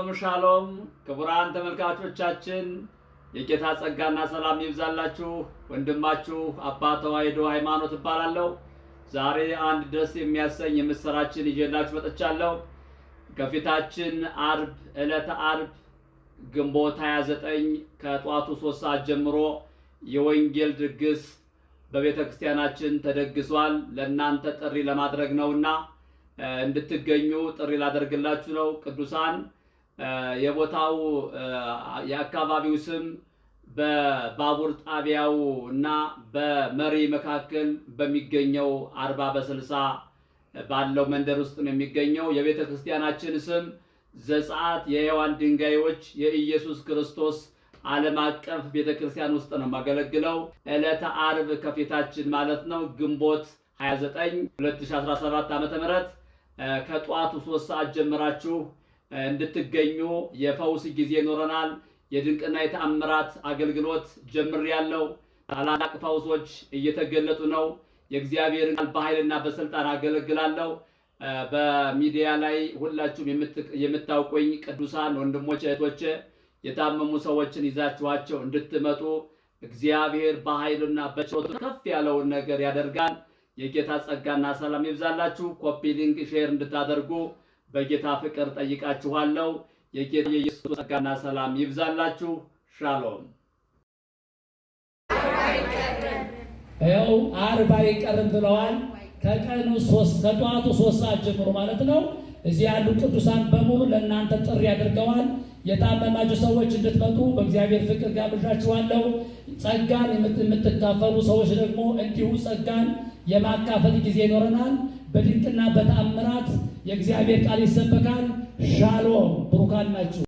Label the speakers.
Speaker 1: ሻሎም ሻሎም፣ ክቡራን ተመልካቾቻችን የጌታ ጸጋና ሰላም ይብዛላችሁ። ወንድማችሁ አባ ተዋሕዶ ሃይማኖት እባላለሁ። ዛሬ አንድ ደስ የሚያሰኝ የምስራችን ይዤላችሁ መጥቻለሁ። ከፊታችን አርብ ዕለተ አርብ ግንቦት 29 ከጠዋቱ 3 ሰዓት ጀምሮ የወንጌል ድግስ በቤተ ክርስቲያናችን ተደግሷል። ለእናንተ ጥሪ ለማድረግ ነውና እንድትገኙ ጥሪ ላደርግላችሁ ነው። ቅዱሳን የቦታው የአካባቢው ስም በባቡር ጣቢያው እና በመሪ መካከል በሚገኘው አርባ በስልሳ ባለው መንደር ውስጥ ነው የሚገኘው። የቤተ ክርስቲያናችን ስም ዘጸአት የሔዋን ድንጋዮች የኢየሱስ ክርስቶስ ዓለም አቀፍ ቤተ ክርስቲያን ውስጥ ነው የማገለግለው። ዕለተ አርብ ከፊታችን ማለት ነው ግንቦት 29 2017 ም ከጠዋቱ ሶስት ሰዓት ጀምራችሁ እንድትገኙ የፈውስ ጊዜ ይኖረናል። የድንቅና የተአምራት አገልግሎት ጀምሬያለሁ። ታላላቅ ፈውሶች እየተገለጡ ነው። የእግዚአብሔርን ቃል በኃይልና በስልጣን አገለግላለሁ። በሚዲያ ላይ ሁላችሁም የምታውቁኝ ቅዱሳን ወንድሞች እህቶች፣ የታመሙ ሰዎችን ይዛችኋቸው እንድትመጡ እግዚአብሔር በኃይልና በችሎቱ ከፍ ያለውን ነገር ያደርጋል። የጌታ ጸጋና ሰላም ይብዛላችሁ። ኮፒ ሊንክ ሼር እንድታደርጉ በጌታ ፍቅር ጠይቃችኋለሁ። የጌታ የኢየሱስ ጸጋና ሰላም ይብዛላችሁ። ሻሎም።
Speaker 2: ይኸው አርብ አይቀርም ብለዋል። ከቀኑ ሶስት ከጠዋቱ ሶስት ሰዓት ጀምሮ ማለት ነው። እዚህ ያሉ ቅዱሳን በሙሉ ለእናንተ ጥሪ አድርገዋል። የታመማችሁ ሰዎች እንድትመጡ በእግዚአብሔር ፍቅር ጋብዣችኋለሁ። ጸጋን የምትካፈሉ ሰዎች ደግሞ እንዲሁ ጸጋን የማካፈል ጊዜ ይኖረናል። በድንቅና በተአምራት የእግዚአብሔር ቃል ይሰበካል። ሻሎም ብሩካን ናችሁ።